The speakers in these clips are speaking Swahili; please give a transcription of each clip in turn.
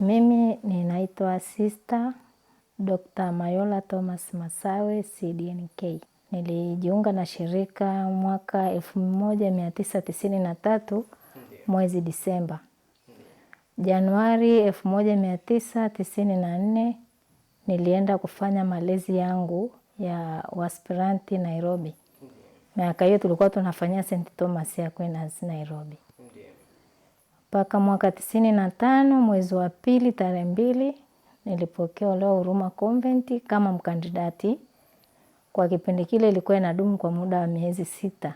Mimi ninaitwa Sister Dr. Mayola Thomas Masawe, CDNK. Nilijiunga na shirika mwaka 1993 mwezi Disemba. Januari 1994 nilienda kufanya malezi yangu ya waspiranti Nairobi. Miaka hiyo tulikuwa tunafanyia St. Thomas Aquinas Nairobi mpaka mwaka tisini na tano mwezi wa pili tarehe mbili nilipokea leo Huruma Convent kama mkandidati. Kwa kipindi kile ilikuwa inadumu kwa muda wa miezi sita.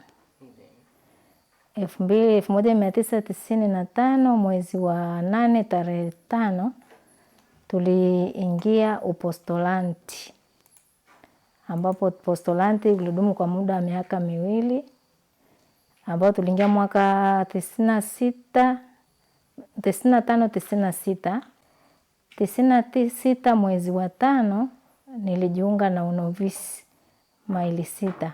elfu mbili elfu moja mia tisa tisini na tano mwezi wa nane tarehe tano tuliingia upostolanti, ambapo postolanti ulidumu kwa muda wa miaka miwili, ambao tuliingia mwaka tisini na sita tisini na tano tisini na sita tisini na sita mwezi wa tano nilijiunga na unovisi maili sita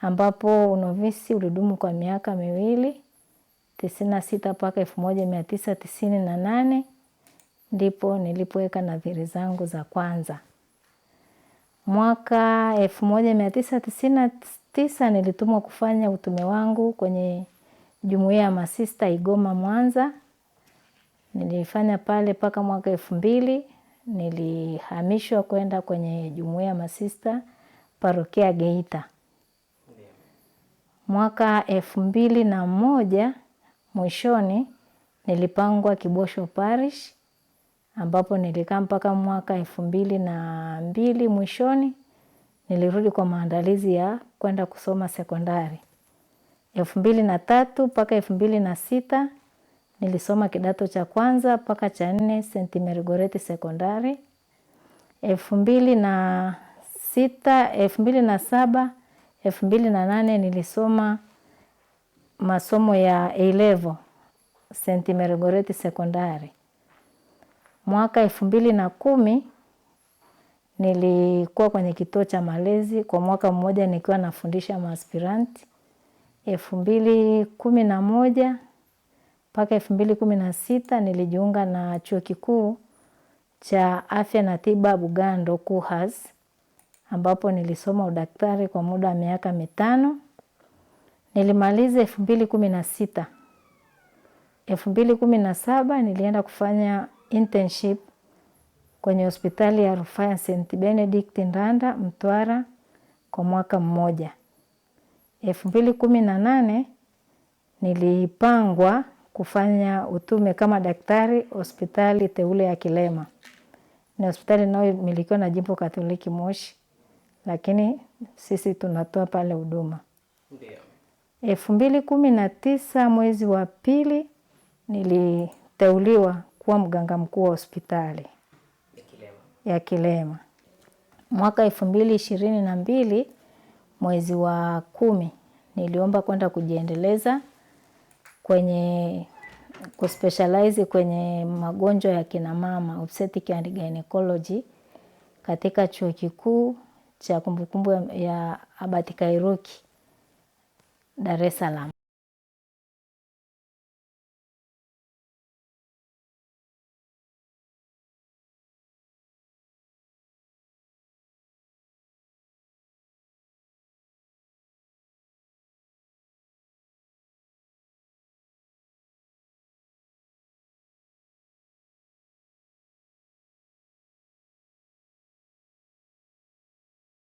ambapo unovisi ulidumu kwa miaka miwili tisini na sita mpaka elfu moja mia tisa tisini na nane ndipo nilipoweka nadhiri zangu za kwanza. Mwaka elfu moja mia tisa tisini na tisa nilitumwa kufanya utume wangu kwenye jumuiya ya masista Igoma Mwanza, nilifanya pale mpaka mwaka elfu mbili. Nilihamishwa kwenda kwenye jumuiya ya masista parokia Geita mwaka elfu mbili na moja. Mwishoni nilipangwa Kibosho Parish ambapo nilikaa mpaka mwaka elfu mbili na mbili. Mwishoni nilirudi kwa maandalizi ya kwenda kusoma sekondari elfu mbili na tatu mpaka elfu mbili na sita nilisoma kidato cha kwanza mpaka cha nne St. Mary Goreti Sekondari. elfu mbili na sita elfu mbili na saba elfu mbili na nane nilisoma masomo ya elevo St. Mary Goreti Sekondari. Mwaka elfu mbili na kumi nilikuwa kwenye kituo cha malezi kwa mwaka mmoja nikiwa nafundisha maaspiranti elfu mbili kumi na moja mpaka elfu mbili kumi na sita nilijiunga na chuo kikuu cha afya na tiba Bugando KUHAS, ambapo nilisoma udaktari kwa muda wa miaka mitano. Nilimaliza elfu mbili kumi na sita. Elfu mbili kumi na saba nilienda kufanya internship kwenye hospitali ya rufaa ya St Benedict Ndanda Mtwara kwa mwaka mmoja elfu mbili kumi na nane nilipangwa kufanya utume kama daktari hospitali teule ya Kilema. Ni hospitali inayomilikiwa na Jimbo Katoliki Moshi, lakini sisi tunatoa pale huduma. elfu mbili kumi na tisa mwezi wa pili niliteuliwa kuwa mganga mkuu wa hospitali ya Kilema. Mwaka elfu mbili ishirini na mbili mwezi wa kumi niliomba kwenda kujiendeleza kwenye kuspecialize kwenye magonjwa ya kina mama obstetric and gynecology katika chuo kikuu cha kumbukumbu ya Abati Kairuki Dar es Salaam.